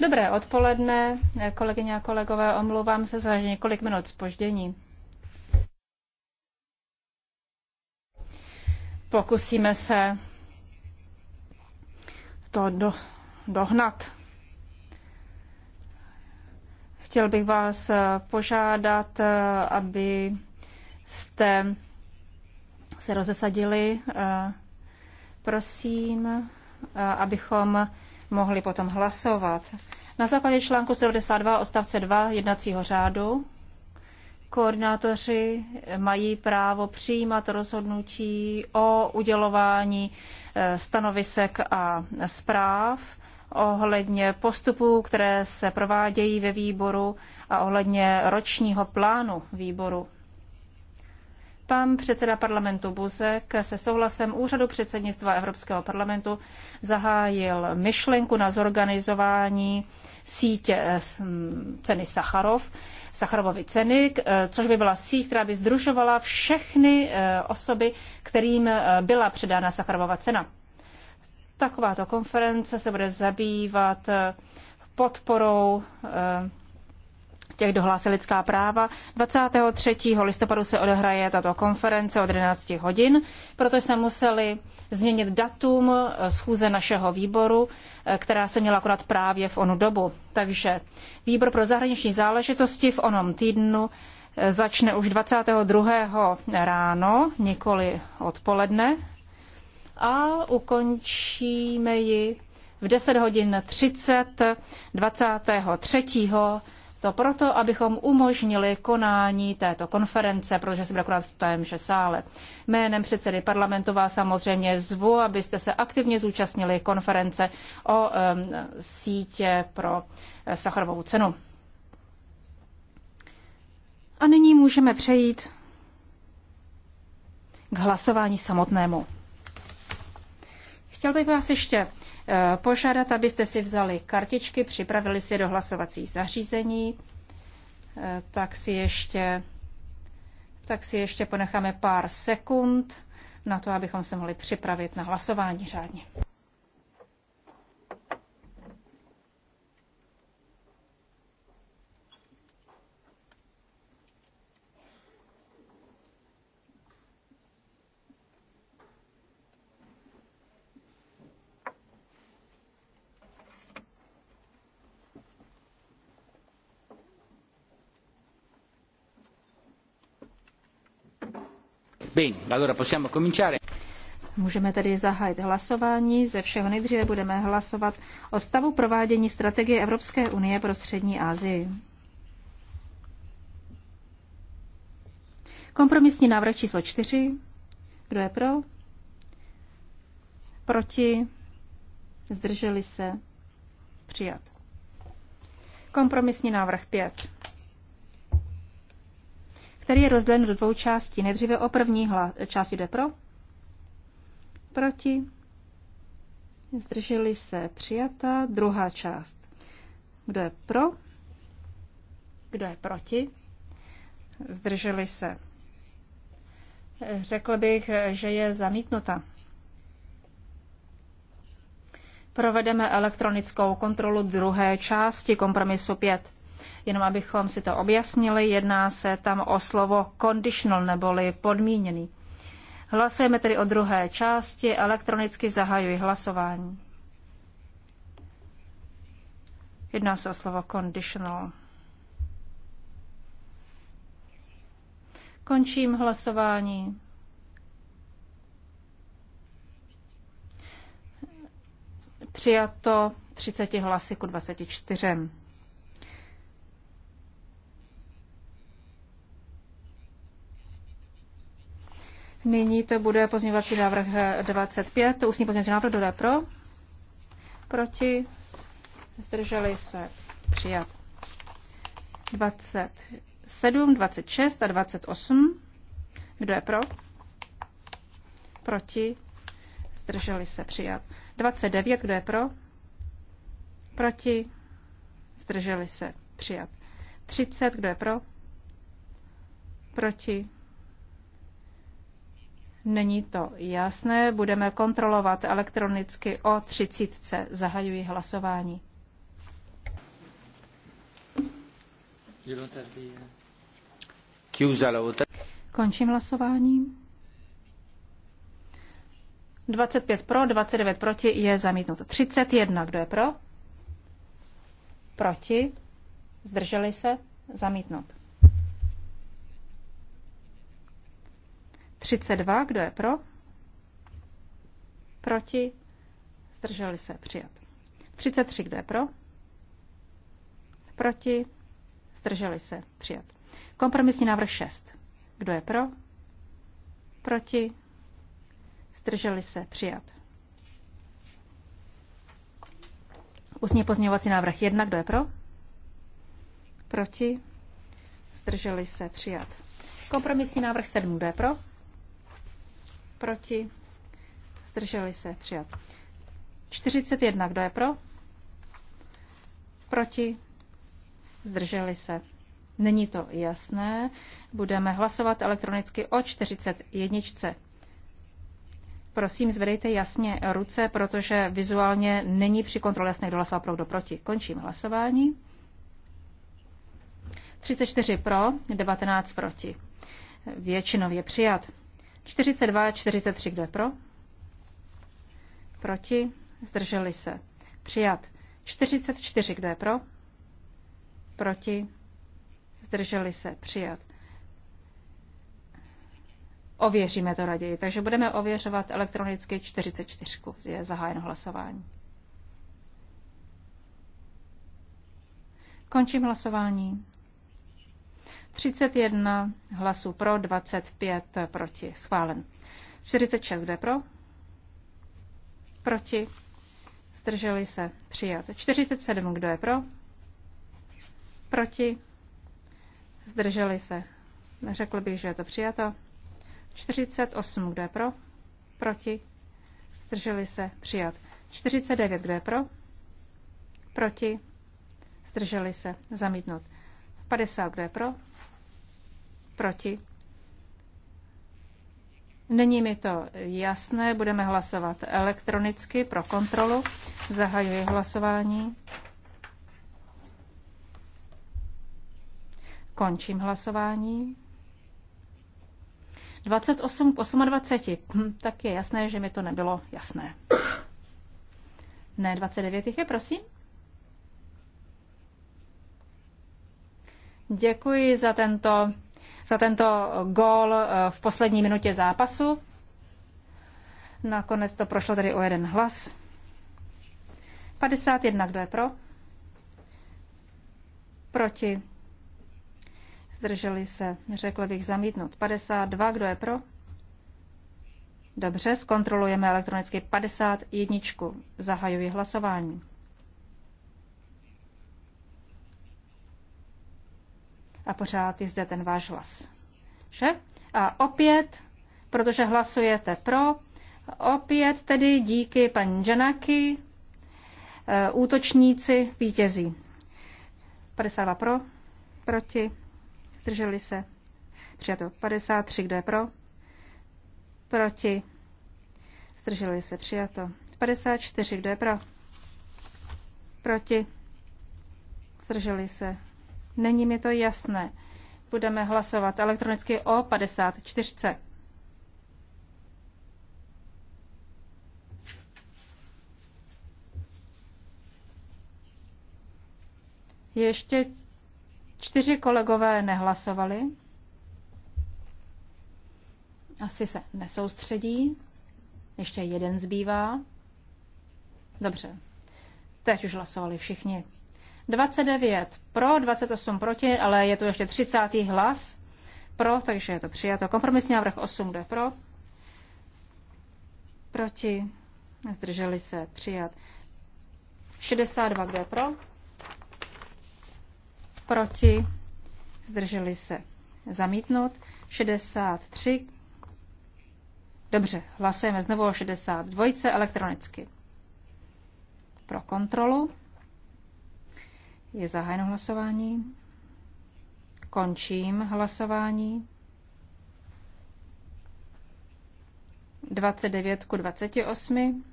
Dobré odpoledne, kolegyně a kolegové, omlouvám se za několik minut spoždění. Pokusíme se to do, dohnat. Chtěl bych vás požádat, aby jste se rozesadili. Prosím, abychom mohli potom hlasovat. Na základě článku 72 odstavce 2 jednacího řádu koordinátoři mají právo přijímat rozhodnutí o udělování e, stanovisek a zpráv ohledně postupů, které se provádějí ve výboru a ohledně ročního plánu výboru. Pan předseda parlamentu Buzek se souhlasem úřadu předsednictva Evropského parlamentu zahájil myšlenku na zorganizování sítě eh, ceny Sacharov, Sacharovovy ceny, eh, což by byla síť, která by združovala všechny eh, osoby, kterým byla předána Sacharovova cena. Takováto konference se bude zabývat podporou těch, dohlásí lidská práva. 23. listopadu se odehraje tato konference od 11 hodin, proto jsme museli změnit datum eh, schůze našeho výboru, eh, která se měla konat právě v onu dobu. Takže výbor pro zahraniční záležitosti v onom týdnu eh, začne už 22. ráno, nikoli odpoledne, a ukončíme ji v 10 hodin 30 23. To proto, abychom umožnili konání této konference, protože se bude konat v že sále. Jménem předsedy parlamentu vás samozřejmě zvu, abyste se aktivně zúčastnili konference o um, sítě pro eh, Sacharovou cenu. A nyní můžeme přejít k hlasování samotnému. Chtěl bych vás ještě Eh, požádat, abyste si vzali kartičky, připravili si do hlasovací zařízení, eh, tak si ještě, tak si ještě ponecháme pár sekund na to, abychom se mohli připravit na hlasování řádně. Můžeme tedy zahájit hlasování. Ze všeho nejdříve budeme hlasovat o stavu provádění strategie Evropské unie pro střední Asii. Kompromisní návrh číslo 4. Kdo je pro? Proti? Zdrželi se? Přijat. Kompromisní návrh 5 který je rozdělen do dvou částí. Nejdříve o první hla, části jde pro, proti, zdrželi se přijata, druhá část. Kdo je pro, kdo je proti, zdrželi se. Řekl bych, že je zamítnuta. Provedeme elektronickou kontrolu druhé části kompromisu 5. Jenom abychom si to objasnili, jedná se tam o slovo conditional neboli podmíněný. Hlasujeme tedy o druhé části, elektronicky zahajuji hlasování. Jedná se o slovo conditional. Končím hlasování. Přijato 30 hlasy ku 24. Nyní to bude pozměňovací návrh 25, To ústní pozměňovací návrh, dodá pro? Proti? Zdrželi se? Přijat. 27, 26 a 28. Kdo je pro? Proti? Zdrželi se? Přijat. 29, kdo je pro? Proti? Zdrželi se? Přijat. 30, kdo je pro? Proti? Není to jasné, budeme kontrolovat elektronicky o 30. Zahajuji hlasování. Končím hlasování. 25 pro, 29 proti je zamítnuto. 31, kdo je pro? Proti? Zdrželi se? Zamítnut. 32, kdo je pro? Proti? Zdrželi se přijat. 33, kdo je pro? Proti? Zdrželi se přijat. Kompromisní návrh 6. Kdo je pro? Proti? Zdrželi se přijat. Ústní pozměňovací návrh 1. Kdo je pro? Proti? Zdrželi se přijat. Kompromisní návrh 7. Kdo je pro? Proti? Zdrželi se. Přijat. 41. Kdo je pro? Proti? Zdrželi se. Není to jasné. Budeme hlasovat elektronicky o 41. Prosím, zvedejte jasně ruce, protože vizuálně není při kontrole jasné, kdo hlasoval pro, kdo proti. Končím hlasování. 34 pro, 19 proti. Většinově přijat. 42, 43, kdo je pro? Proti? Zdrželi se. Přijat. 44, kdo je pro? Proti? Zdrželi se. Přijat. Ověříme to raději. Takže budeme ověřovat elektronicky 44. Je zahájeno hlasování. Končím hlasování. 31 hlasů pro, 25 proti. Schválen. 46, kdo je pro? Proti. Zdrželi se. Přijat. 47, kdo je pro? Proti. Zdrželi se. Řekl bych, že je to přijato. 48, kdo je pro? Proti. Zdrželi se. Přijat. 49, kdo je pro? Proti. Zdrželi se. Zamítnut. 50, kdo je pro? Proti? Není mi to jasné, budeme hlasovat elektronicky pro kontrolu. Zahajuji hlasování. Končím hlasování. 28 k 28, hm, tak je jasné, že mi to nebylo jasné. Ne, 29 je, prosím. Děkuji za tento za tento gól eh, v poslední minutě zápasu. Nakonec to prošlo tedy o jeden hlas. 51, kdo je pro? Proti? Zdrželi se, řekl bych zamítnout. 52, kdo je pro? Dobře, zkontrolujeme elektronicky 51. Zahajuji hlasování. A pořád je zde ten váš hlas. Že? A opět, protože hlasujete pro, opět tedy díky paní Janaky, eh, útočníci vítězí. 52 pro, proti, zdrželi se, přijato 53, kdo je pro, proti, zdrželi se, přijato 54, kdo je pro, proti, zdrželi se, Není mi to jasné. Budeme hlasovat elektronicky o 54. Ještě čtyři kolegové nehlasovali. Asi se nesoustředí. Ještě jeden zbývá. Dobře. Teď už hlasovali všichni. 29 pro, 28 proti, ale je tu ještě 30. hlas pro, takže je to přijato. Kompromisní návrh 8 jde pro, proti, zdrželi se, přijat. 62 jde pro, proti, zdrželi se, zamítnout. 63, dobře, hlasujeme znovu o 62 elektronicky. Pro kontrolu. Je zahájeno hlasování. Končím hlasování. 29 ku 28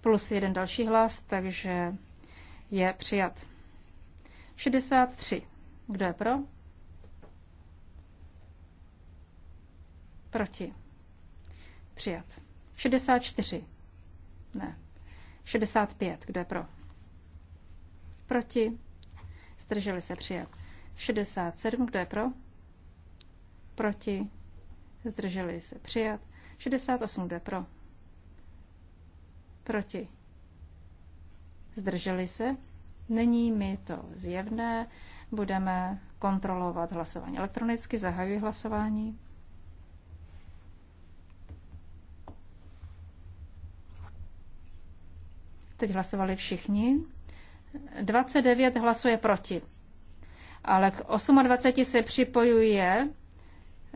plus jeden další hlas, takže je přijat. 63. Kdo je pro? Proti. Přijat. 64. Ne. 65. Kdo je pro? Proti? Zdrželi se přijat. 67, kdo je pro? Proti? Zdrželi se přijat. 68, kdo je pro? Proti? Zdrželi se? Není mi to zjevné. Budeme kontrolovat hlasování elektronicky. Zahajuji hlasování. Teď hlasovali všichni. 29 hlasuje proti. Ale k 28 se připojuje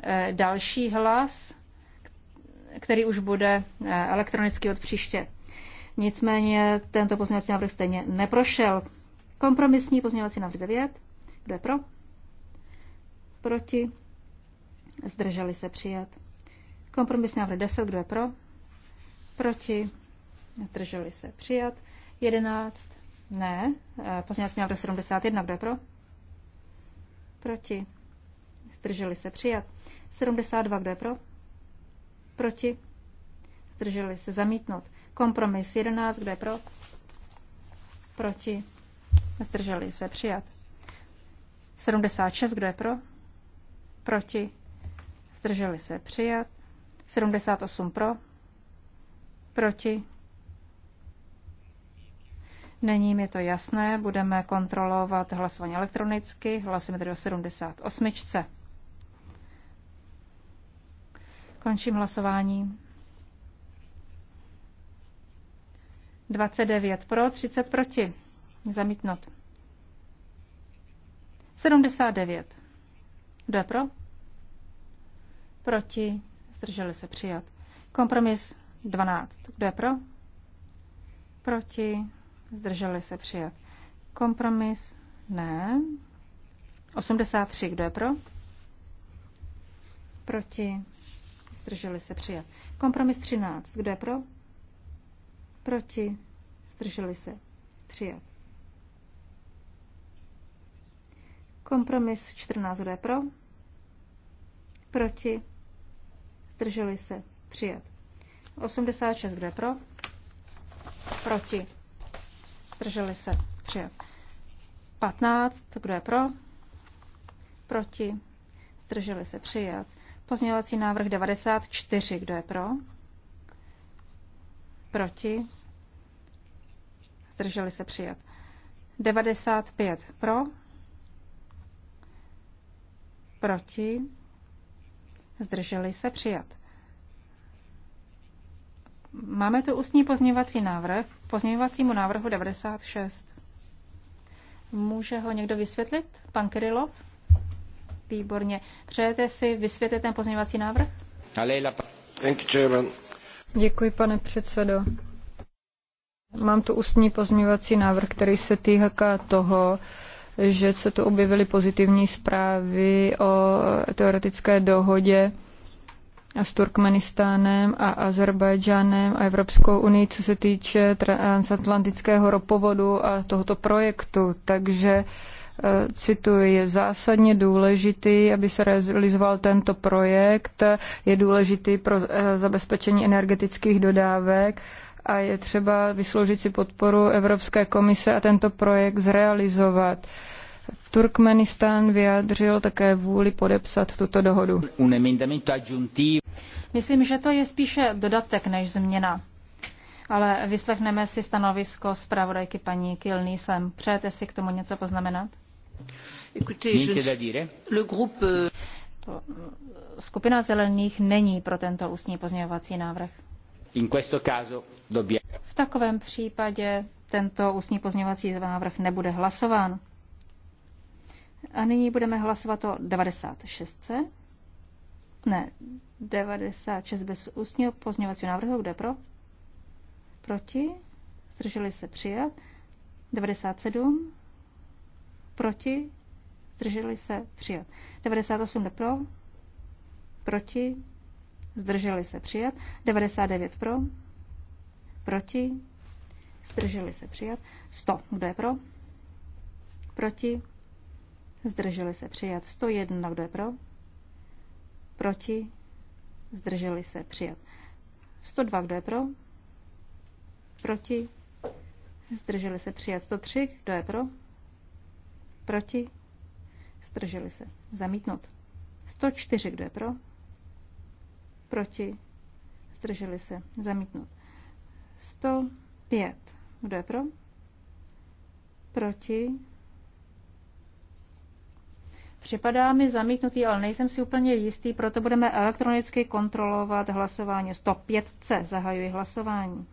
eh, další hlas, který už bude eh, elektronicky od příště. Nicméně tento pozměňovací návrh stejně neprošel. Kompromisní pozměňovací návrh 9. Kdo je pro? Proti? Zdrželi se přijat. Kompromisní návrh 10. Kdo je pro? Proti? Zdrželi se přijat. 11. Ne. Eh, pozměňovací návrh 71. Kdo je pro? Proti. Zdrželi se. Přijat. 72. Kdo je pro? Proti. Zdrželi se. Zamítnout. Kompromis 11. Kdo je pro? Proti. Zdrželi se. Přijat. 76. Kdo je pro? Proti. Zdrželi se. Přijat. 78 pro. Proti Není mi to jasné, budeme kontrolovat hlasování elektronicky. Hlasujeme tedy o 78. Končím hlasování. 29 pro, 30 proti. Zamítnut. 79. Kdo je pro? Proti. Zdrželi se přijat. Kompromis 12. Kdo je pro? Proti. Zdrželi se přijat. Kompromis? Ne. 83. Kdo je pro? Proti? Zdrželi se přijat. Kompromis 13. Kdo je pro? Proti? Zdrželi se přijat. Kompromis 14. Kdo je pro? Proti? Zdrželi se přijat. 86. Kdo je pro? Proti? Zdrželi se. Přijat. 15. Kdo je pro? Proti. Zdrželi se. Přijat. Pozměňovací návrh 94. Kdo je pro? Proti. Zdrželi se. Přijat. 95. Pro? Proti. Zdrželi se. Přijat. Máme tu ústní pozměňovací návrh pozměňovacímu návrhu 96. Může ho někdo vysvětlit? Pan Kirilov? Výborně. Přejete si vysvětlit ten pozměňovací návrh? Děkuji, pane předsedo. Mám tu ústní pozměňovací návrh, který se týká toho, že se tu objevily pozitivní zprávy o teoretické dohodě s Turkmenistánem a Azerbajdžánem a Evropskou unii, co se týče transatlantického ropovodu a tohoto projektu. Takže e, cituji, je zásadně důležitý, aby se realizoval tento projekt, je důležitý pro e, zabezpečení energetických dodávek a je třeba vysloužit si podporu Evropské komise a tento projekt zrealizovat. Turkmenistán vyjádřil také vůli podepsat tuto dohodu. Myslím, že to je spíše dodatek než změna. Ale vyslechneme si stanovisko zpravodajky paní Kilnýsem. Přejete si k tomu něco poznamenat? Skupina zelených není pro tento ústní pozměňovací návrh. V takovém případě tento ústní pozměňovací návrh nebude hlasován. A nyní budeme hlasovat o 96. Ne, 96 bez ústního pozměňovacího návrhu. Kdo je pro? Proti? Zdrželi se přijat. 97. Proti? Zdrželi se přijat. 98 jde pro? Proti? Zdrželi se přijat. 99 pro? Proti? Zdrželi se přijat. 100. Kdo je pro? Proti? Zdrželi se přijat 101, kdo je pro? Proti? Zdrželi se přijat 102, kdo je pro? Proti? Zdrželi se přijat 103, kdo je pro? Proti? Zdrželi se. Zamítnout. 104, kdo je pro? Proti? Zdrželi se. Zamítnout. 105, kdo je pro? Proti? Připadá mi zamítnutý, ale nejsem si úplně jistý, proto budeme elektronicky kontrolovat hlasování. 105. Zahajuji hlasování.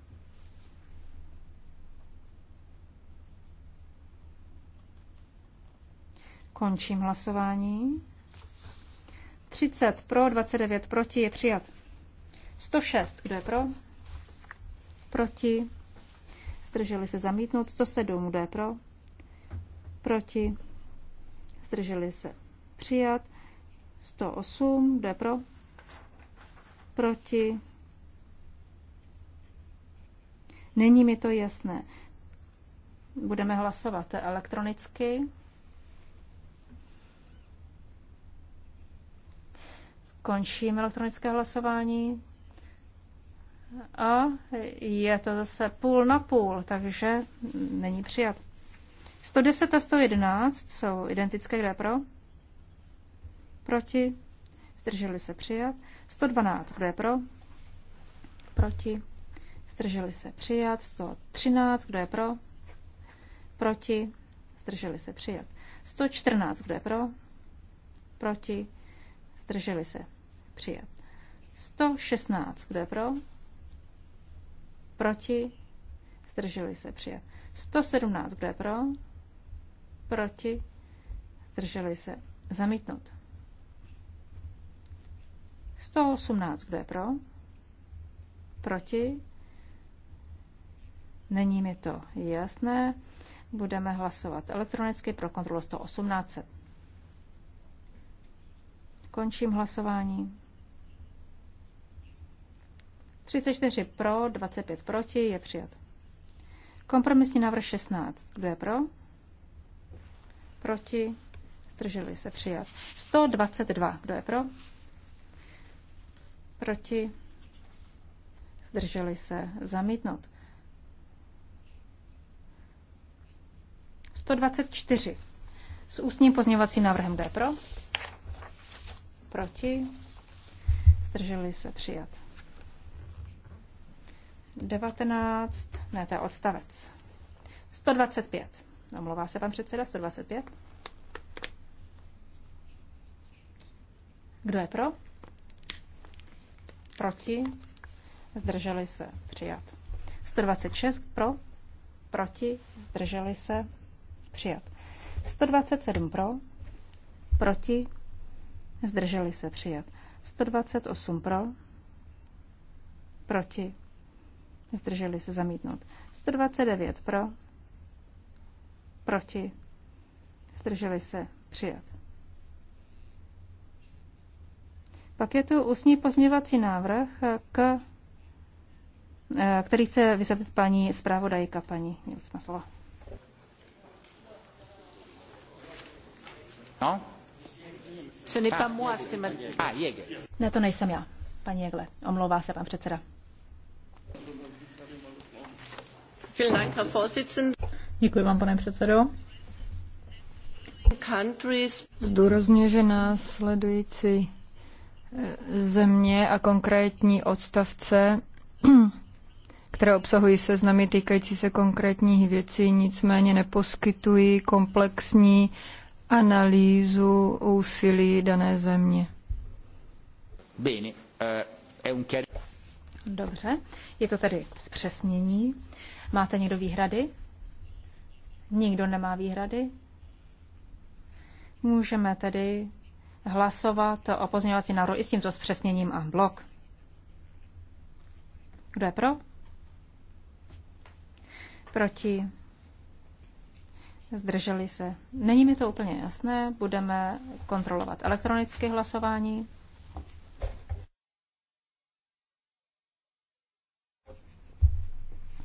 Končím hlasování. 30 pro, 29 proti je přijat. 106, kdo je pro? Proti. Zdrželi se zamítnout. 107, kdo je pro? Proti. Zdrželi se přijat. 108, kdo je pro? Proti? Není mi to jasné. Budeme hlasovat elektronicky. Končím elektronické hlasování. A je to zase půl na půl, takže není přijat. 110 a 111 jsou identické, kde pro? Proti? Zdrželi se přijat. 112. Kdo je pro? Proti? Zdrželi se přijat. 113. Kdo je pro? Proti? Zdrželi se přijat. 114. Kdo je pro? Proti? Zdrželi se přijat. 116. Kdo je pro? Proti? Zdrželi se přijat. 117. Kdo je pro? Proti? Zdrželi se. Zamítnout. 118, kdo je pro? Proti? Není mi to jasné. Budeme hlasovat elektronicky pro kontrolu 118. Končím hlasování. 34 pro, 25 proti, je přijat. Kompromisní návrh 16. Kdo je pro? Proti? Zdrželi se přijat. 122. Kdo je pro? Proti? Zdrželi se zamítnout. 124. S ústním pozměňovacím návrhem D pro. Proti. Zdrželi se přijat. 19. Ne, to je odstavec. 125. Omlouvá se pan předseda. 125. Kdo je pro? proti, zdrželi se, přijat. 126 pro, proti, zdrželi se, přijat. 127 pro, proti, zdrželi se, přijat. 128 pro, proti, zdrželi se, zamítnout. 129 pro, proti, zdrželi se, přijat. Pak je tu ústní pozměvací návrh, k, eh, který chce vysvětlit paní zpravodajka, paní Nilsmaslova. No? Ah. Ah, ne, to nejsem já, paní Jegle. Omlouvá se pan předseda. Děkuji vám, pane předsedo. Zdůrazně, že následující země a konkrétní odstavce, které obsahují seznamy týkající se konkrétních věcí, nicméně neposkytují komplexní analýzu úsilí dané země. Eh, Dobře, je to tedy zpřesnění. Máte někdo výhrady? Nikdo nemá výhrady? Můžeme tedy hlasovat o pozměňovací návrhu i s tímto zpřesněním a blok. Kdo je pro? Proti? Zdrželi se. Není mi to úplně jasné. Budeme kontrolovat elektronické hlasování.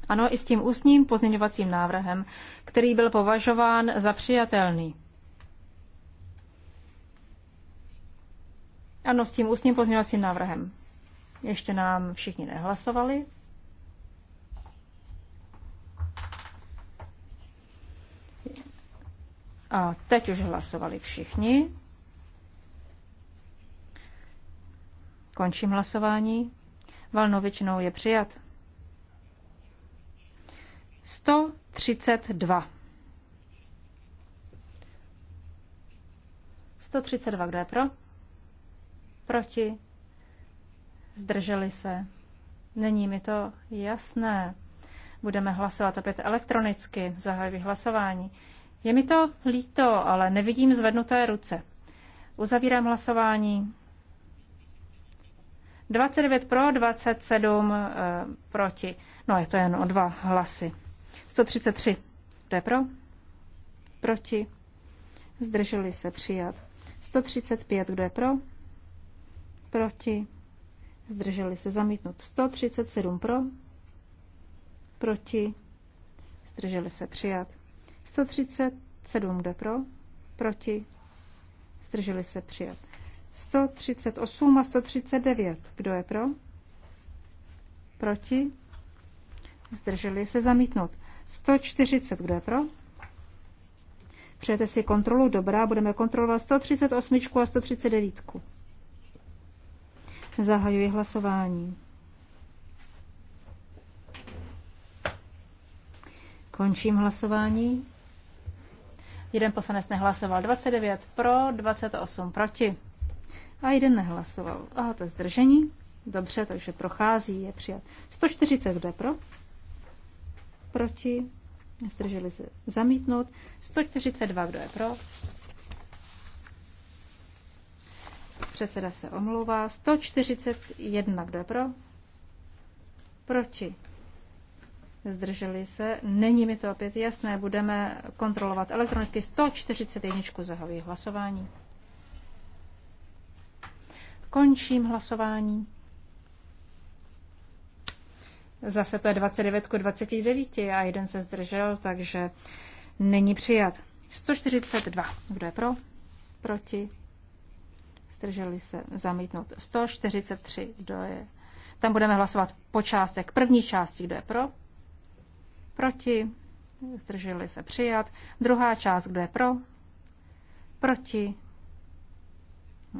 Ano, i s tím ústním pozměňovacím návrhem, který byl považován za přijatelný. Ano, s tím ústním pozměňovacím návrhem. Ještě nám všichni nehlasovali. A teď už hlasovali všichni. Končím hlasování. Valnou většinou je přijat. 132. 132, kdo je pro? Proti? Zdrželi se? Není mi to jasné. Budeme hlasovat opět elektronicky. Zahajuji hlasování. Je mi to líto, ale nevidím zvednuté ruce. Uzavírám hlasování. 29 pro, 27 e, eh, proti. No, je to jen o dva hlasy. 133. Kdo je pro? Proti. Zdrželi se přijat. 135. Kdo je pro? proti, zdrželi se zamítnut 137 pro, proti, zdrželi se přijat 137 jde pro, proti, zdrželi se přijat 138 a 139, kdo je pro, proti, zdrželi se zamítnout 140, kdo je pro, Přejete si kontrolu, dobrá, budeme kontrolovat 138 a 139. Zahajuji hlasování. Končím hlasování. Jeden poslanec nehlasoval 29 pro, 28 proti. A jeden nehlasoval. Aha, to je zdržení. Dobře, takže prochází, je přijat. 140 jde pro? Proti. Zdrželi se zamítnout. 142 kdo je pro? Předseda se omlouvá. 141. Kdo je pro? Proti. Zdrželi se. Není mi to opět jasné. Budeme kontrolovat elektronicky 141. Zahajuji hlasování. Končím hlasování. Zase to je 29 k 29 a jeden se zdržel, takže není přijat. 142. Kdo je pro? Proti? zdrželi se zamítnout 143, kdo je. Tam budeme hlasovat po částech. První části, kdo je pro, proti, zdrželi se přijat. Druhá část, kdo je pro, proti,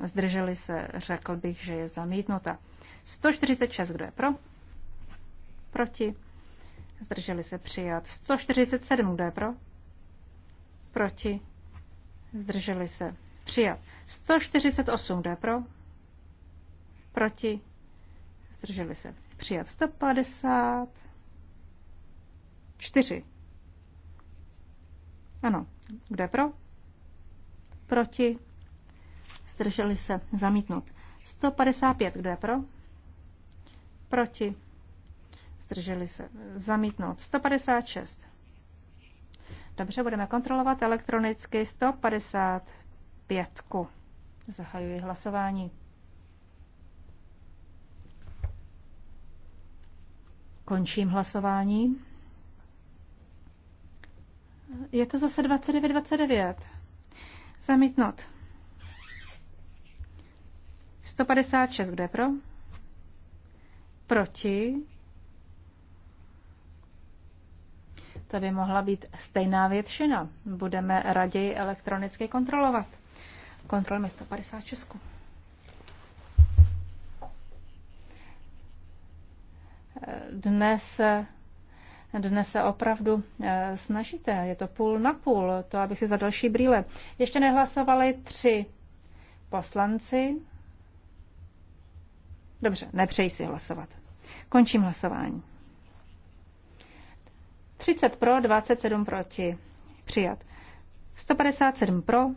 zdrželi se, řekl bych, že je zamítnuta. 146, kdo je pro, proti, zdrželi se přijat. 147, kdo je pro, proti, zdrželi se přijat. 148, jde pro? Proti? Zdrželi se. Přijat 150. 4. Ano. Kdo je pro? Proti? Zdrželi se. Zamítnut. 155. Kdo je pro? Proti? Zdrželi se. Zamítnout. 156. Dobře, budeme kontrolovat elektronicky 155. Zahajuji hlasování. Končím hlasování. Je to zase 29 29. Zamítnout. 156, kde pro? Proti. To by mohla být stejná většina. Budeme raději elektronicky kontrolovat kontrolami 156. Dnes, dnes se opravdu eh, snažíte, je to půl na půl, to aby si za další brýle. Ještě nehlasovali tři poslanci. Dobře, nepřeji si hlasovat. Končím hlasování. 30 pro, 27 proti. Přijat. 157 pro,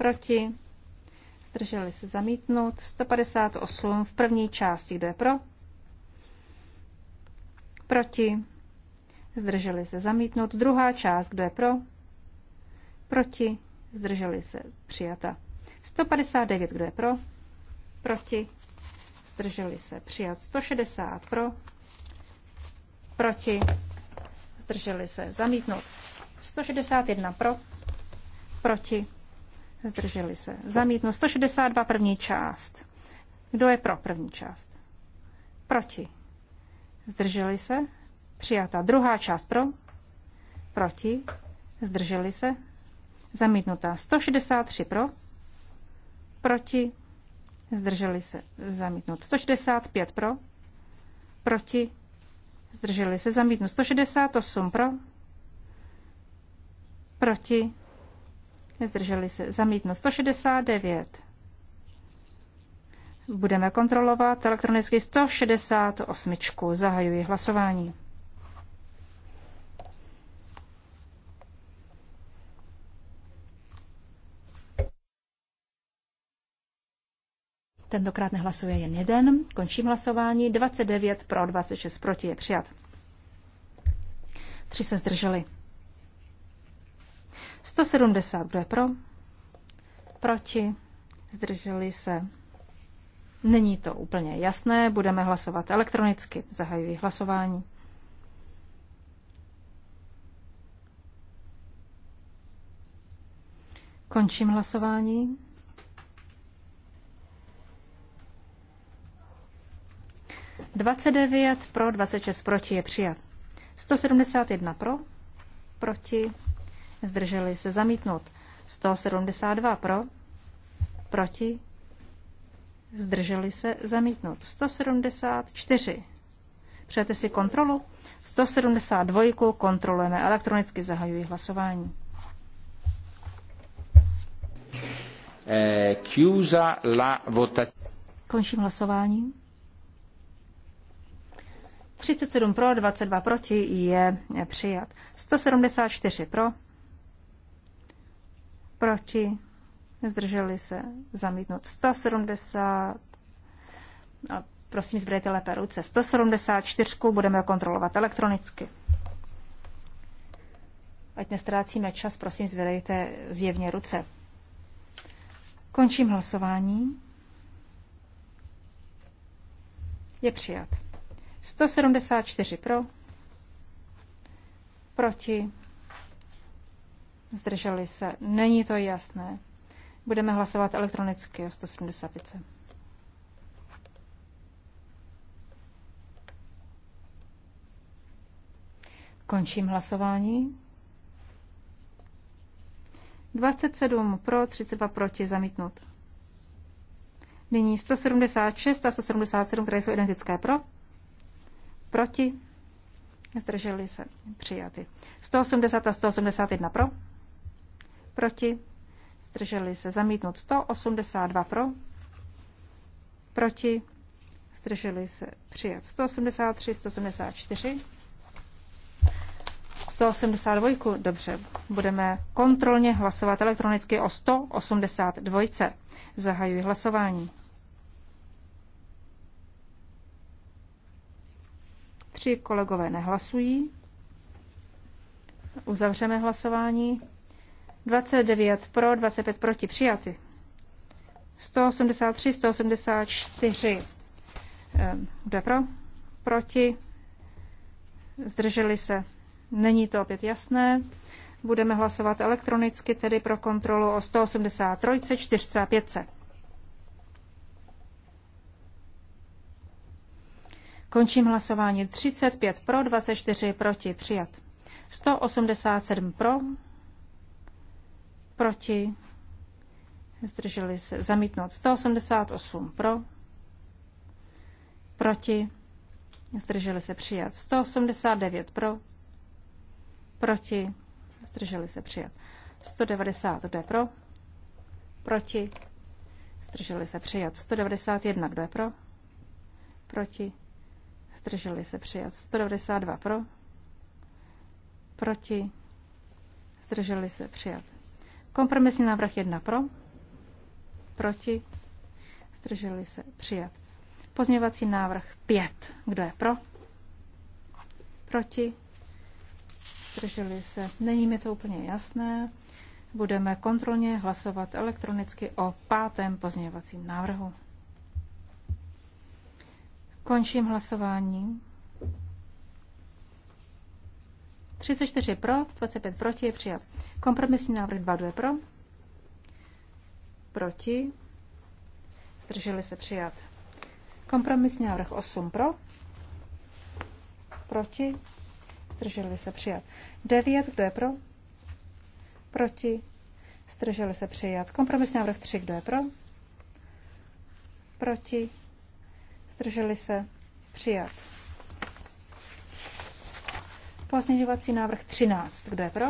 proti, zdrželi se zamítnout. 158 v první části, kdo je pro, proti, zdrželi se zamítnout. Druhá část, kdo je pro, proti, zdrželi se přijata. 159, kdo je pro, proti, zdrželi se přijat. 160 pro, proti, zdrželi se zamítnout. 161 pro, proti, Zdrželi se. Zamítnu 162 první část. Kdo je pro první část? Proti. Zdrželi se. Přijata druhá část pro. Proti. Zdrželi se. Zamítnutá 163 pro. Proti. Zdrželi se. Zamítnut 165 pro. Proti. Zdrželi se. Zamítnut 168 pro. Proti Zdrželi se. Zamítnu 169. Budeme kontrolovat elektronicky 168. Zahajuji hlasování. Tentokrát nehlasuje jen jeden. Končím hlasování. 29 pro, 26 proti je přijat. Tři se zdrželi. 170, kdo je pro? Proti? Zdrželi se? Není to úplně jasné, budeme hlasovat elektronicky. Zahajuji hlasování. Končím hlasování. Dvacet pro, dvacet proti je přijat. Sto sedmdesát jedna pro, proti zdrželi se zamítnout. 172 pro, proti, zdrželi se zamítnout. 174. Přejete si kontrolu? 172 kontrolujeme elektronicky, zahajují hlasování. Eh, chiusa la votazione. Končím hlasování. 37 pro, 22 proti je přijat. 174 pro, proti, zdrželi se zamítnout 170. A prosím, zbrojte lépe ruce. 174 budeme kontrolovat elektronicky. Ať nestrácíme čas, prosím, zvedejte zjevně ruce. Končím hlasování. Je přijat. 174 pro, proti, Zdrželi se. Není to jasné. Budeme hlasovat elektronicky o 175. Končím hlasování. 27 pro, 32 proti, zamítnut. Nyní 176 a 177, které jsou identické pro, proti, zdrželi se, přijaty. 180 a 181 pro, proti, zdrželi se zamítnut 182 pro, proti, zdrželi se přijat 183, 184, 182, dobře, budeme kontrolně hlasovat elektronicky o 182. Zahajuji hlasování. Tři kolegové nehlasují. Uzavřeme hlasování. 29 pro, 25 proti, přijaty. 183, 184. Ehm, kdo pro? Proti? Zdrželi se? Není to opět jasné. Budeme hlasovat elektronicky, tedy pro kontrolu o 183, 4 a 5. Končím hlasování 35 pro, 24 proti, přijat. 187 pro, proti, zdrželi se zamítnout 188 pro, proti, zdrželi se přijat 189 pro, proti, zdrželi se přijat 190, kdo je pro, proti, zdrželi se přijat 191, kdo je pro, proti, zdrželi se přijat 192 pro, proti, zdrželi se přijat Kompromisní návrh 1 pro, proti, zdrželi se, přijat. Pozměňovací návrh 5. Kdo je pro? Proti? Zdrželi se. Není mi to úplně jasné. Budeme kontrolně hlasovat elektronicky o pátém pozměňovacím návrhu. Končím hlasování. 34 pro, 25 proti je přijat. Kompromisní návrh 2, 2 pro, proti, zdrželi se přijat. Kompromisní návrh 8 pro, proti, zdrželi se přijat. 9, kdo je pro, proti, zdrželi se přijat. Kompromisní návrh 3, kdo je pro, proti, zdrželi se přijat. Pozměňovací návrh 13. Kdo je pro?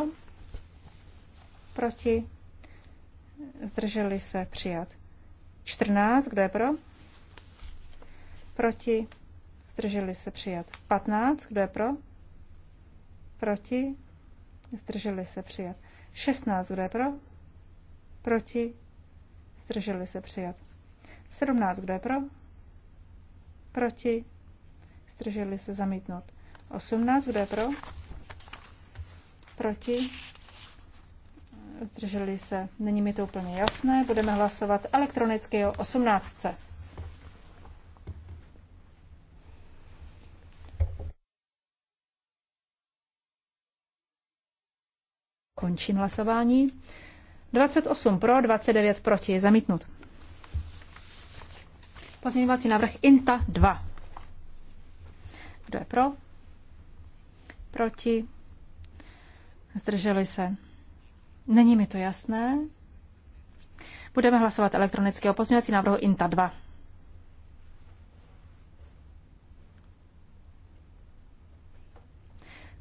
Proti? Zdrželi se přijat. 14. Kdo je pro? Proti? Zdrželi se přijat. 15. Kdo je pro? Proti? Zdrželi se přijat. 16. Kdo je pro? Proti? Zdrželi se přijat. 17. Kdo je pro? Proti? Zdrželi se zamítnout. 18, kdo je pro? Proti? Zdrželi se. Není mi to úplně jasné. Budeme hlasovat elektronicky o 18. Končím hlasování. 28 pro, 29 proti. Zamítnut. Pozměňovací návrh INTA 2. Kdo je pro? Proti? Zdrželi se. Není mi to jasné. Budeme hlasovat elektronicky o pozměňovací návrhu INTA 2.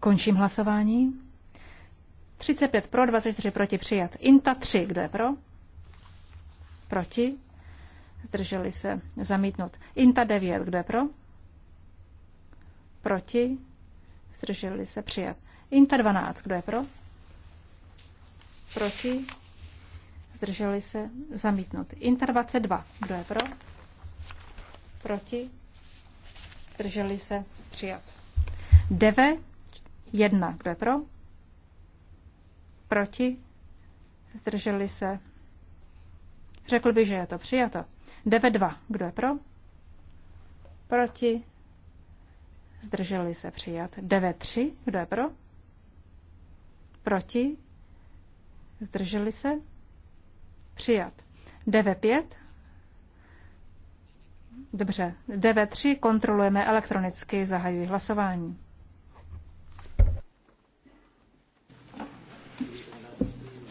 Končím hlasování. 35 pro, 24 proti přijat. INTA 3, kdo je pro? Proti? Zdrželi se zamítnout. INTA 9, kdo je pro? Proti? zdrželi se přijat. Inta 12, kdo je pro? Proti, zdrželi se zamítnut. Inta 22, kdo je pro? Proti, zdrželi se přijat. Deve 1, kdo je pro? Proti, zdrželi se. Řekl by že je to přijato. Deve 2, kdo je pro? Proti, zdrželi se přijat. 9-3, kdo je pro? Proti, zdrželi se přijat. 9-5, dobře. 9-3 kontrolujeme elektronicky, zahajuji hlasování.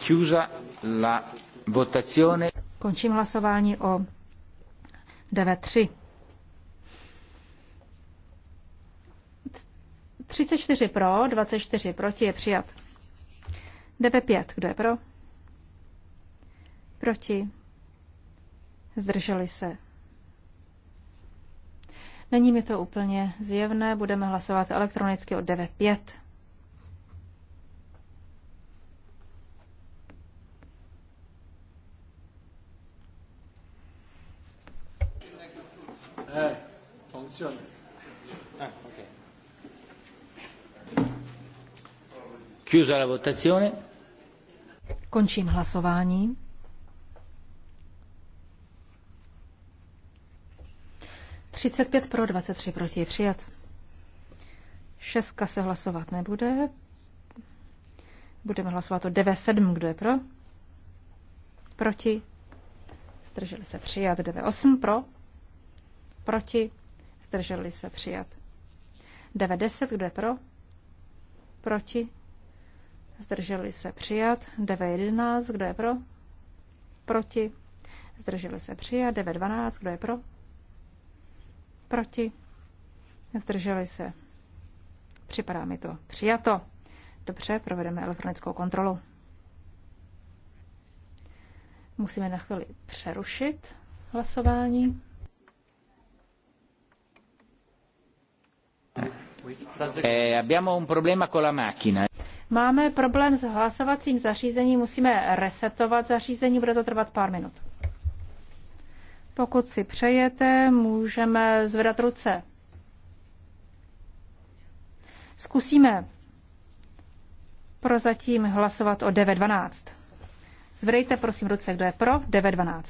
Chiusa la votazione. Končím hlasování o 9-3. 34 pro, 24 proti je přijat. DV5, kdo je pro? Proti. Zdrželi se. Není mi to úplně zjevné, budeme hlasovat elektronicky o DV5. Eh, funciona. Chiusa la votazione. Končím hlasování. Třicet pět pro, 23 proti je přijat. Šestka se hlasovat nebude. Budeme hlasovat o 9.7. Kdo je pro? Proti? Zdrželi se přijat. 9.8 pro? Proti? Zdrželi se přijat. 9.10. Kdo je pro? Proti? Zdrželi se přijat. 9.11. Kdo je pro? Proti. Zdrželi se přijat. 9.12. Kdo je pro? Proti. Zdrželi se. Připadá mi to přijato. Dobře, provedeme elektronickou kontrolu. Musíme na chvíli přerušit hlasování. Eh, abbiamo un problema con la macchina. Máme problém s hlasovacím zařízením, musíme resetovat zařízení, bude to trvat pár minut. Pokud si přejete, můžeme zvedat ruce. Zkusíme prozatím hlasovat o 9.12. Zvedejte prosím ruce, kdo je pro 9.12.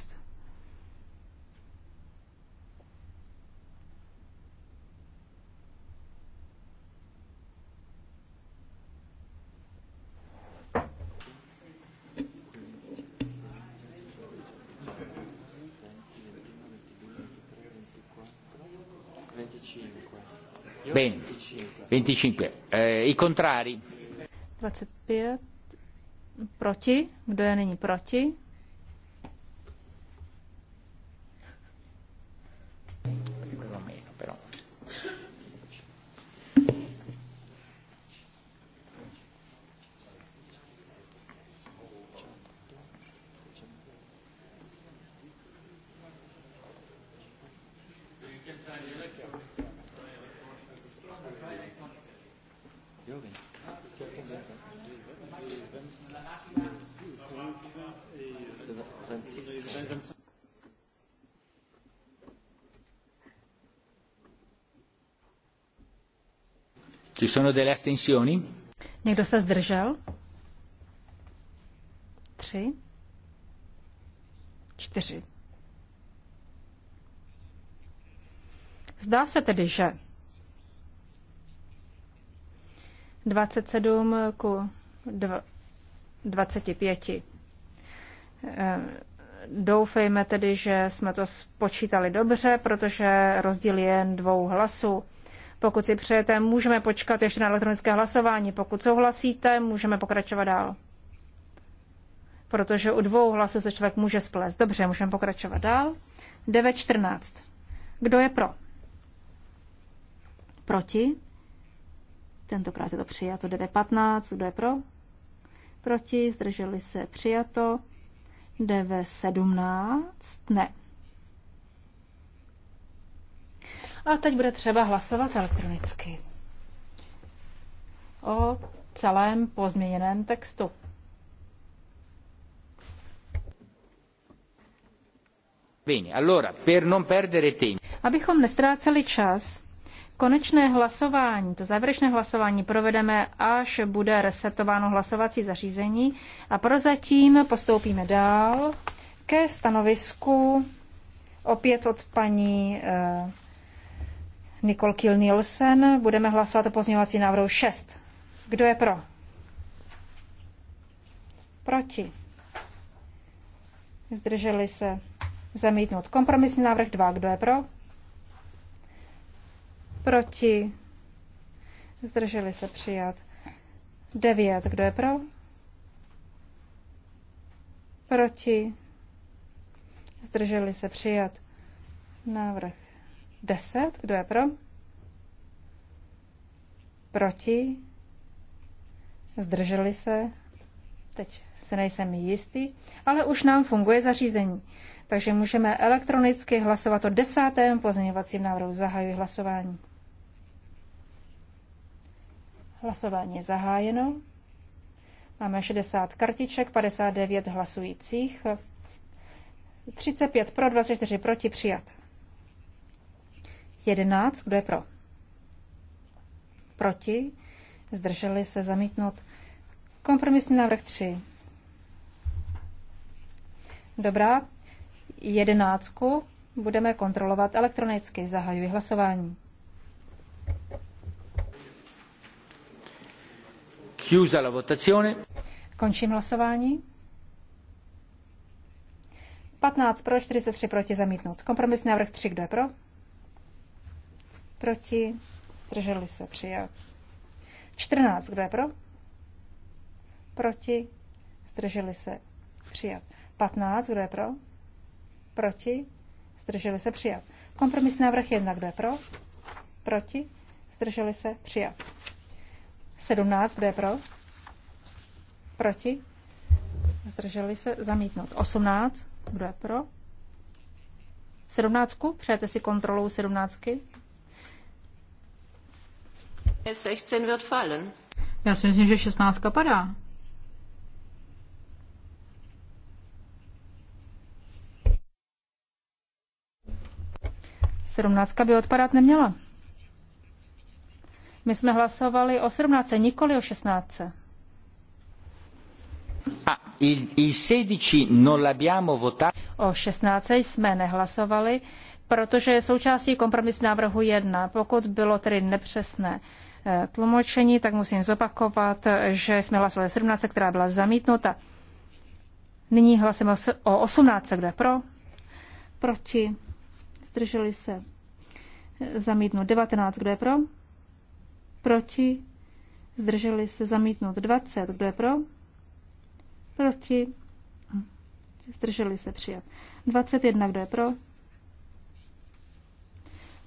25. Eh, I contrari. 25. Proti. Kdo je nyní proti? Ci sono delle astensioni? Někdo se zdržel? Tři. Čtyři. Zdá se tedy, že 27 ku 25 Doufejme tedy, že jsme to spočítali dobře, protože rozdíl je jen dvou hlasů. Pokud si přejete, můžeme počkat ještě na elektronické hlasování. Pokud souhlasíte, můžeme pokračovat dál. Protože u dvou hlasů se člověk může splést. Dobře, můžeme pokračovat dál. 9.14. Kdo je pro? Proti? Tentokrát je to přijato 9.15. Kdo je pro? Proti? Zdrželi se přijato. DV17? Ne. A teď bude třeba hlasovat elektronicky. O celém pozměněném textu. Bene, allora, per non perdere tempo. Abychom nestráceli čas, Konečné hlasování, to závěrečné hlasování provedeme, až bude resetováno hlasovací zařízení a prozatím postoupíme dál ke stanovisku opět od paní eh, Nikol Kilnielsen. Budeme hlasovat o pozměňovací návrhu 6. Kdo je pro? Proti. Zdrželi se zamítnout kompromisní návrh 2. Kdo je pro? Proti? Zdrželi se přijat. 9. Kdo je pro? Proti? Zdrželi se přijat. Návrh 10. Kdo je pro? Proti? Zdrželi se? Teď se nejsem jistý, ale už nám funguje zařízení. Takže můžeme elektronicky hlasovat o desátém pozměňovacím návrhu. Zahajuji hlasování. Hlasování je zahájeno. Máme 60 kartiček, 59 hlasujících, 35 pro, 24 proti, přijat. 11, kdo je pro? Proti, zdrželi se zamítnout. Kompromisní návrh 3. Dobrá, jedenáctku budeme kontrolovat elektronicky. Zahajuji hlasování. Chiusa la votazione. Končím hlasování. 15 pro, 43 proti zamítnout. Kompromis návrh 3, kdo je pro? Proti, zdrželi se, přijat. 14, kdo je pro? Proti, zdrželi se, přijat. 15, kdo je pro? Proti, zdrželi se, přijat. Kompromis návrh 1, kdo je pro? Proti, zdrželi se, přijat. 17, kdo je pro? Proti? Zdrželi se zamítnout. 18, kdo je pro? 17, přejete si kontrolou 17. 16 wird fallen. Já si myslím, že 16 padá. Sedmnáctka by odpadat neměla. My jsme hlasovali o 17, nikoli o 16. A, il, il 16 non l'abbiamo votato. O 16 jsme nehlasovali, protože je součástí kompromis návrhu 1. Pokud bylo tedy nepřesné eh, tlumočení, tak musím zopakovat, že jsme hlasovali o 17, která byla zamítnuta. Nyní hlasujeme o 18, kde pro, proti, zdrželi se, zamítnout 19, kde pro, Proti? Zdrželi se zamítnout 20. Kdo je pro? Proti? Zdrželi se přijat. 21. Kdo je pro?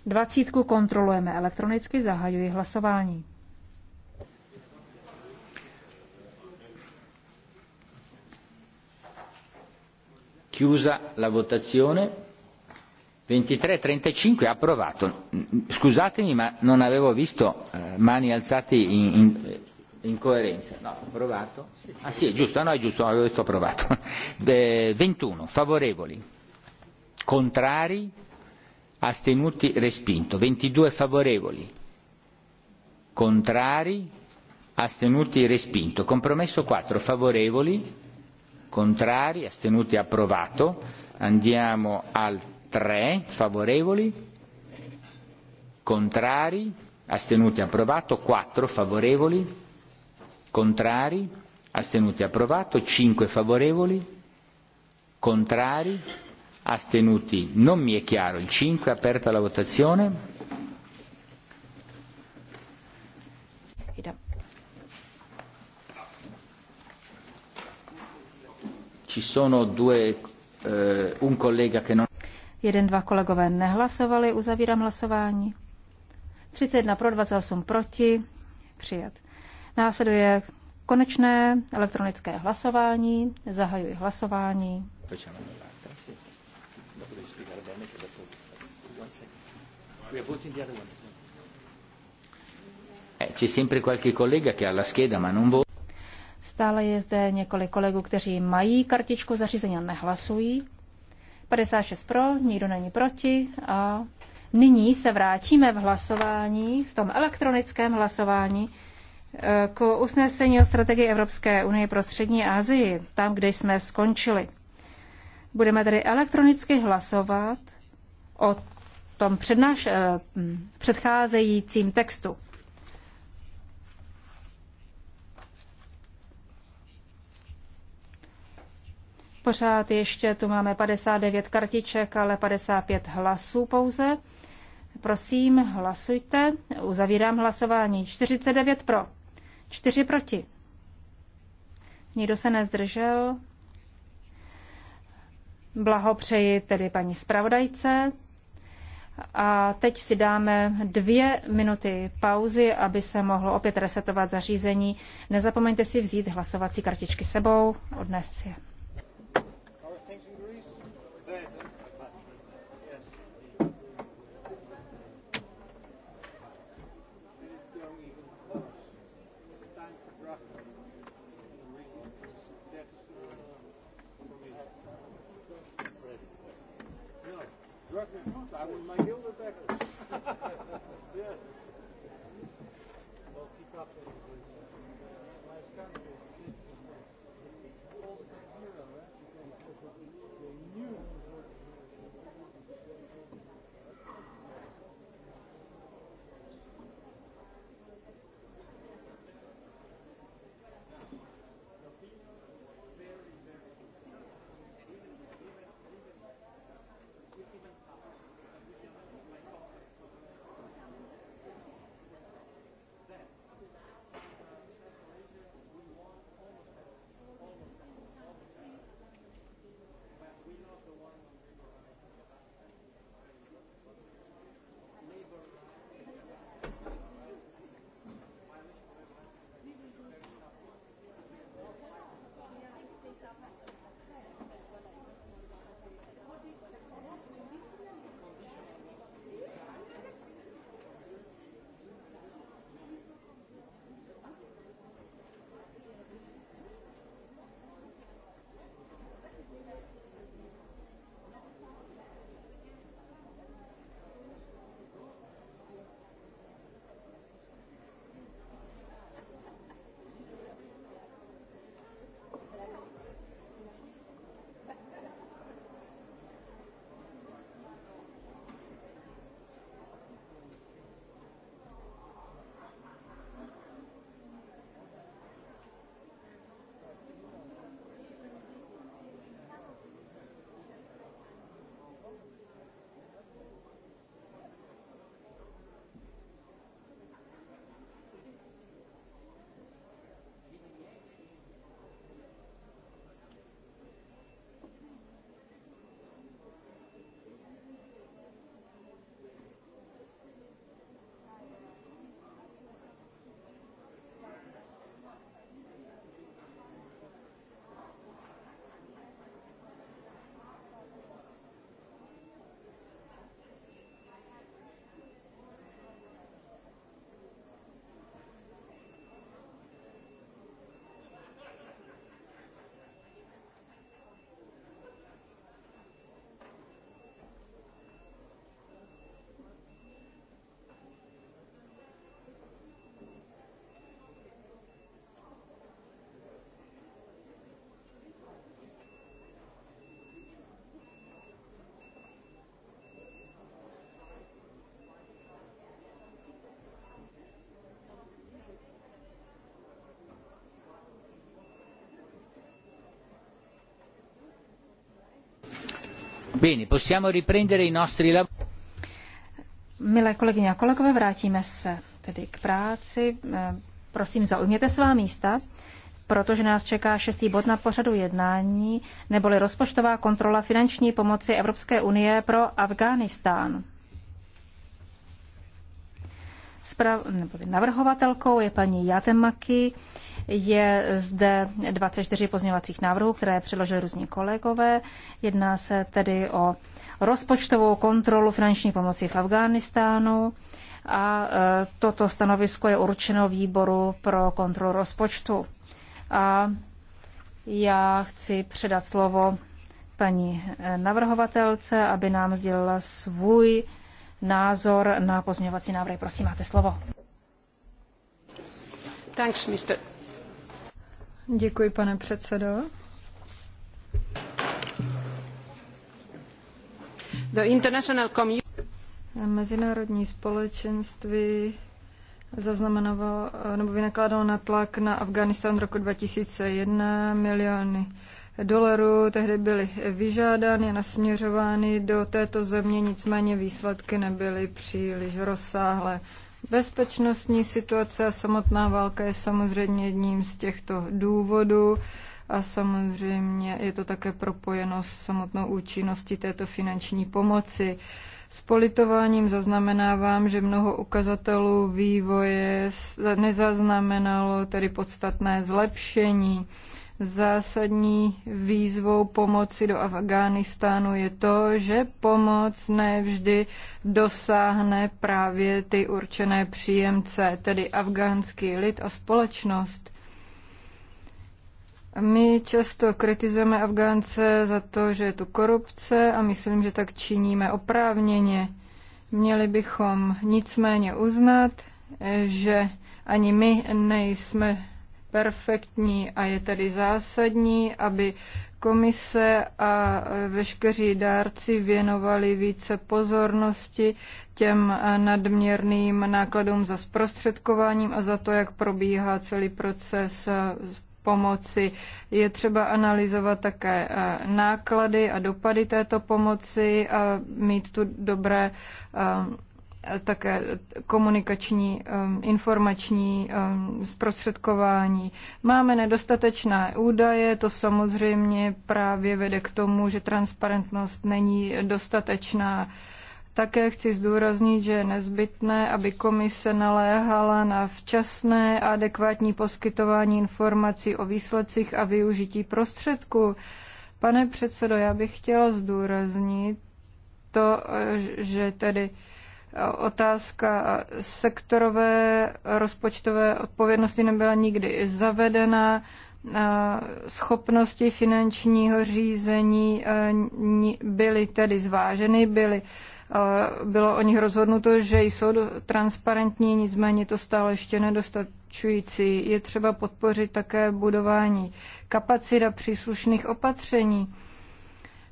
20. kontrolujeme elektronicky, zahajuji hlasování. Chiusa la votazione. 23-35 approvato. Scusatemi ma non avevo visto eh, mani alzate in, in, in coerenza. No, approvato? Ah sì, è giusto, no è giusto, avevo detto approvato. Eh, 21, favorevoli. Contrari? Astenuti? Respinto. 22, favorevoli. Contrari? Astenuti? Respinto. Compromesso 4, favorevoli. Contrari? Astenuti? Approvato. Andiamo al 3 favorevoli, contrari, astenuti approvato, 4 favorevoli, contrari, astenuti approvato, 5 favorevoli, contrari, astenuti, non mi è chiaro, il 5 aperta la votazione. Ci sono due, eh, un collega che non... Jeden, dva kolegové nehlasovali. Uzavírám hlasování. 31 pro, 28 proti. Přijat. Následuje konečné elektronické hlasování. Zahajuji hlasování. Eh, Stále je zde několik kolegů, kteří mají kartičku zařízení a nehlasují. 56 pro, nikdo není proti a nyní se vrátíme v hlasování, v tom elektronickém hlasování eh, k usnesení o strategii Evropské unie pro střední Asii, tam, kde jsme skončili. Budeme tedy elektronicky hlasovat o tom přednáš, eh, předcházejícím textu. Pořád ještě tu máme 59 kartiček, ale 55 hlasů pouze. Prosím, hlasujte. Uzavírám hlasování. 49 pro, 4 proti. Nikdo se nezdržel. Blahopřeji tedy paní zpravodajce. A teď si dáme dvě minuty pauzy, aby se mohlo opět resetovat zařízení. Nezapomeňte si vzít hlasovací kartičky sebou, odnes je. Greece. There, there. Bene, possiamo riprendere i nostri lavori. Milé kolegyně a kolegové, vrátíme se tedy k práci. Eh, prosím, zaujměte svá místa, protože nás čeká šestý bod na pořadu jednání, neboli rozpočtová kontrola finanční pomoci Evropské unie pro Afghánistán. Sprav- navrhovatelkou je paní Jatemaki. Je zde 24 pozměňovacích návrhů, které předložili různí kolegové. Jedná se tedy o rozpočtovou kontrolu finanční pomoci v Afghánistánu a e, toto stanovisko je určeno výboru pro kontrolu rozpočtu. A já chci předat slovo paní e, navrhovatelce, aby nám sdělila svůj názor na pozměňovací návrhy. Prosím, máte slovo. Thanks, Mr. Děkuji, pane předsedo. The international Mezinárodní společenství zaznamenalo nebo vynakládalo na tlak na Afganistán roku 2001 miliony dolarů. Tehdy byly vyžádány a nasměřovány do této země, nicméně výsledky nebyly příliš rozsáhlé. Bezpečnostní situace a samotná válka je samozřejmě jedním z těchto důvodů a samozřejmě je to také propojeno s samotnou účinností této finanční pomoci. S politováním zaznamenávám, že mnoho ukazatelů vývoje nezaznamenalo tedy podstatné zlepšení. Zásadní výzvou pomoci do Afganistánu je to, že pomoc nevždy dosáhne právě ty určené příjemce, tedy afgánský lid a společnost. My často kritizujeme Afgánce za to, že je tu korupce a myslím, že tak činíme oprávněně. Měli bychom nicméně uznat, že ani my nejsme perfektní a je tedy zásadní, aby komise a veškeří dárci věnovali více pozornosti těm nadměrným nákladům za zprostředkováním a za to, jak probíhá celý proces pomoci. Je třeba analyzovat také eh, náklady a dopady této pomoci a mít tu dobré eh, také komunikační, um, informační um, zprostředkování. Máme nedostatečné údaje, to samozřejmě právě vede k tomu, že transparentnost není dostatečná. Také chci zdůraznit, že je nezbytné, aby komise naléhala na včasné a adekvátní poskytování informací o výsledcích a využití prostředků. Pane předsedo, já bych chtěla zdůraznit to, že tedy Otázka sektorové rozpočtové odpovědnosti nebyla nikdy zavedena schopnosti finančního řízení eh, byly tedy zváženy, byly, eh, bylo o nich rozhodnuto, že jsou transparentní, nicméně to stále ještě nedostačující. Je třeba podpořit také budování kapacita příslušných opatření.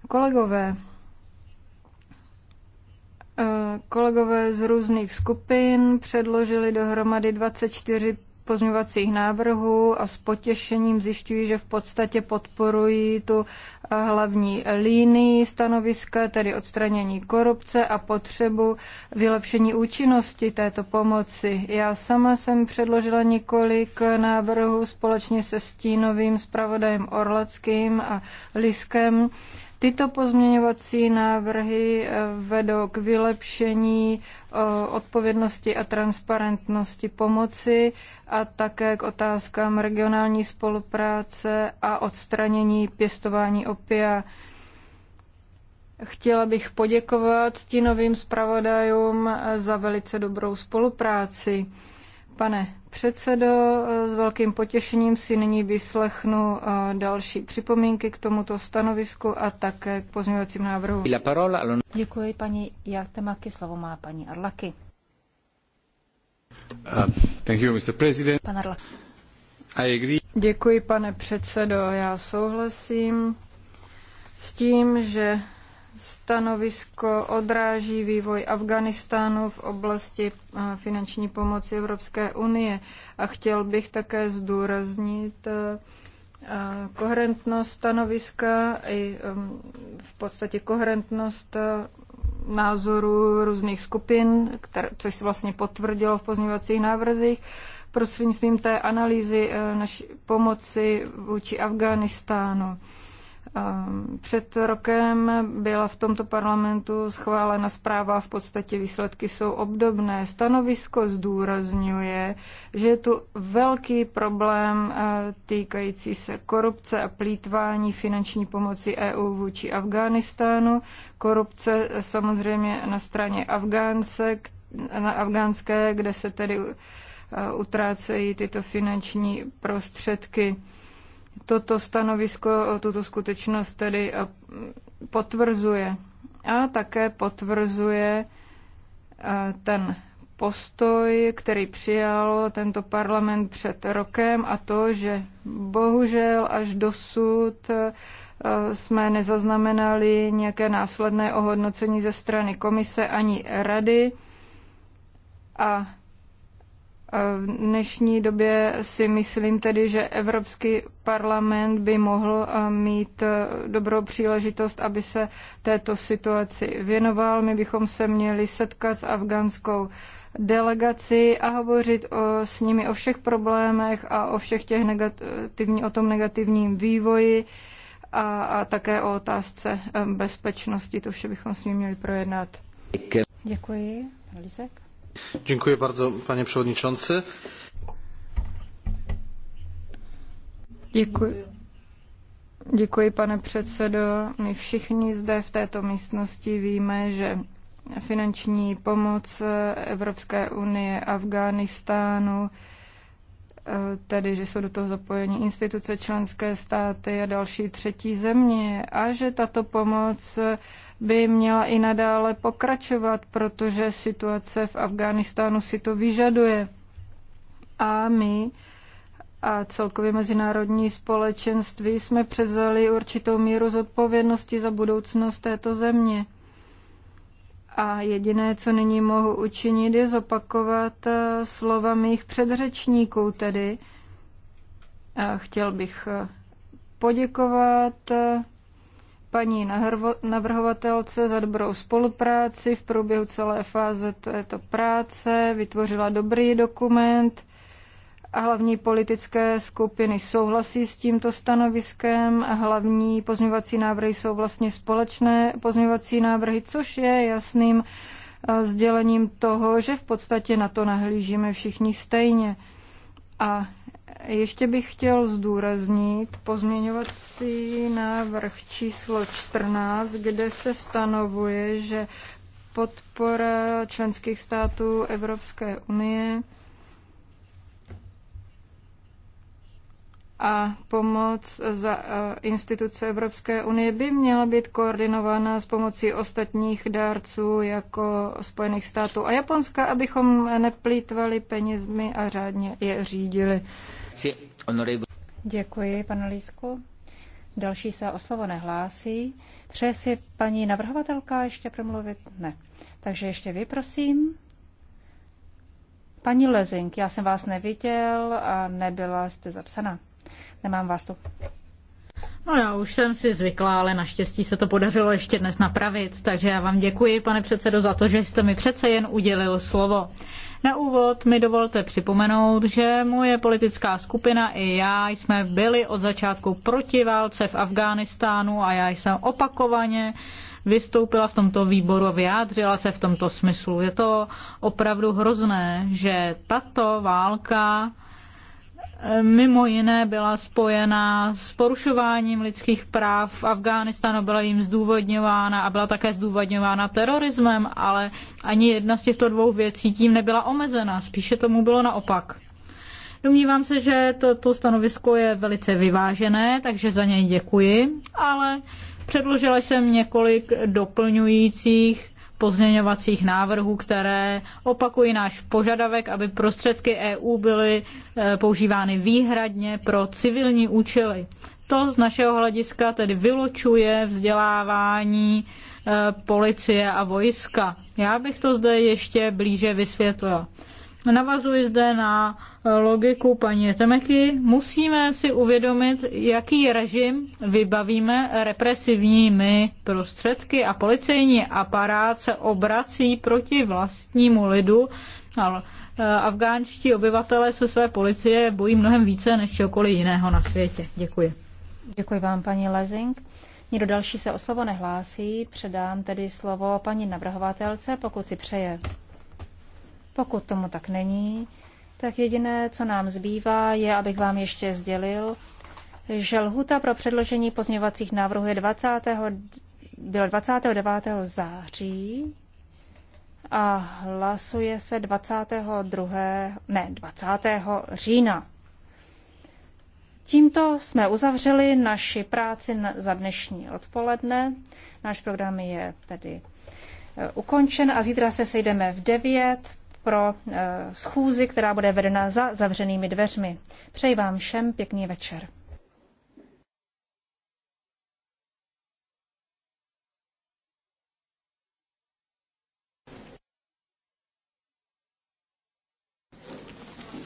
Kolegové, Kolegové z různých skupin předložili dohromady 24 pozměňovacích návrhů a s potěšením zjišťují, že v podstatě podporují tu eh, hlavní línii stanoviska, tedy odstranění korupce a potřebu vylepšení účinnosti této pomoci. Já sama jsem předložila několik návrhů společně se stínovým zpravodajem Orlackým a Liskem Tyto pozměňovací návrhy eh, vedou k vylepšení eh, odpovědnosti a transparentnosti pomoci a také k otázkám regionální spolupráce a odstranění pěstování opia. Chtěla bych poděkovat stínovým zpravodajům eh, za velice dobrou spolupráci pane předsedo. S velkým potěšením si nyní vyslechnu eh, další připomínky k tomuto stanovisku a také k pozměňovacím návrhům. Děkuji paní Jatemaky, slovo má paní Arlaky. Uh, thank you, Mr. President. Pan Arlaky. Děkuji, pane předsedo. Já souhlasím s tím, že stanovisko odráží vývoj Afganistánu v oblasti eh, finanční pomoci Evropské unie. A chtěl bych také zdůraznit eh, koherentnost stanoviska i v podstatě koherentnost eh, názoru různých skupin, které, což se vlastně potvrdilo v pozměňovacích návrzích, prostřednictvím té analýzy naší pomoci vůči Afganistánu. Před rokem byla v tomto parlamentu schválena zpráva, v podstatě výsledky jsou obdobné. Stanovisko zdůrazňuje, že je tu velký problém eh, týkající se korupce a plítvání finanční pomoci EU vůči Afghánistánu. Korupce samozřejmě na straně Afgánce, na afgánské, kde se tedy eh, utrácejí tyto finanční prostředky toto stanovisko, tuto skutečnost tedy eh, potvrzuje. A také potvrzuje eh, ten postoj, který přijal tento parlament před rokem a to, že bohužel až dosud eh, jsme nezaznamenali nějaké následné ohodnocení ze strany komise ani rady a v dnešní době si myslím tedy, že Evropský parlament by mohl eh, mít eh, dobrou příležitost, aby se této situaci věnoval. My bychom se měli setkat s afgánskou delegaci a hovořit o, s nimi o všech problémech a o všech těch negativní, o tom negativním vývoji a, a také o otázce eh, bezpečnosti. To vše bychom s nimi měli projednat. Děkuji. Pan Lisek. Děkuji bardzo, pane předsedající. Děkuji. Děkuji, pane předsedo. My všichni zde v této místnosti víme, že finanční pomoc Evropské unie Afghánistánu, tedy že jsou do toho zapojeni instituce, členské státy a další třetí země a že tato pomoc by měla i nadále pokračovat, protože situace v Afghánistánu si to vyžaduje. A my a celkově mezinárodní společenství jsme převzali určitou míru zodpovědnosti za budoucnost této země. A jediné, co nyní mohu učinit, je zopakovat eh, slova mých předřečníků, tedy chtěl bych eh, poděkovat eh, paní navrhovatelce za dobrou spolupráci v průběhu celé fáze této práce, vytvořila dobrý dokument a hlavní politické skupiny souhlasí s tímto stanoviskem a hlavní pozměvací návrhy jsou vlastně společné pozměvací návrhy, což je jasným eh, sdělením toho, že v podstatě na to nahlížíme všichni stejně. A ještě bych chtěl zdůraznit pozměňovací návrh číslo 14, kde se stanovuje, že podpora členských států Evropské unie a pomoc za e, instituce Evropské unie by měla být koordinována s pomocí ostatních dárců jako Spojených států a Japonska, abychom neplýtvali penězmi a řádně je řídili. Děkuji, pane Lísku. Další se o slovo nehlásí. Přeje si paní navrhovatelka ještě promluvit? Ne. Takže ještě vy, prosím. Paní Lezink, já jsem vás neviděl a nebyla jste zapsaná. Nemám vás tu. No já už jsem si zvykla, ale naštěstí se to podařilo ještě dnes napravit, takže já vám děkuji, pane předsedo, za to, že jste mi přece jen udělil slovo. Na úvod mi dovolte připomenout, že moje politická skupina i já jsme byli od začátku proti válce v Afghánistánu a já jsem opakovaně vystoupila v tomto výboru a vyjádřila se v tomto smyslu. Je to opravdu hrozné, že tato válka mimo jiné byla spojena s porušováním lidských práv v Afghánistánu, byla jim zdůvodňována a byla také zdůvodňována terorismem, ale ani jedna z těchto dvou věcí tím nebyla omezena, spíše tomu bylo naopak. Domnívám se, že to, to stanovisko je velice vyvážené, takže za něj děkuji, ale předložila jsem několik doplňujících pozměňovacích návrhů, které opakují náš požadavek, aby prostředky EU byly e, používány výhradně pro civilní účely. To z našeho hlediska tedy vylučuje vzdělávání e, policie a vojska. Já bych to zde ještě blíže vysvětlila. Navazuji zde na logiku paní Temeky, musíme si uvědomit, jaký režim vybavíme represivními prostředky a policejní aparát se obrací proti vlastnímu lidu. Eh, afgánští obyvatele se své policie bojí mnohem více než čokoliv jiného na světě. Děkuji. Děkuji vám, paní Lezing. Nikdo další se o slovo nehlásí, předám tedy slovo paní navrhovatelce, pokud si přeje. Pokud tomu tak není, tak jediné, co nám zbývá, je, abych vám ještě sdělil, že lhuta pro předložení pozměňovacích návrhů je 20. bylo 29. září a hlasuje se 22. ne, 20. října. Tímto jsme uzavřeli naši práci za dnešní odpoledne. Náš program je tedy eh, ukončen a zítra se sejdeme v 9 pro eh, schůzi, která bude vedena za zavřenými dveřmi. Přeji vám všem pěkný večer.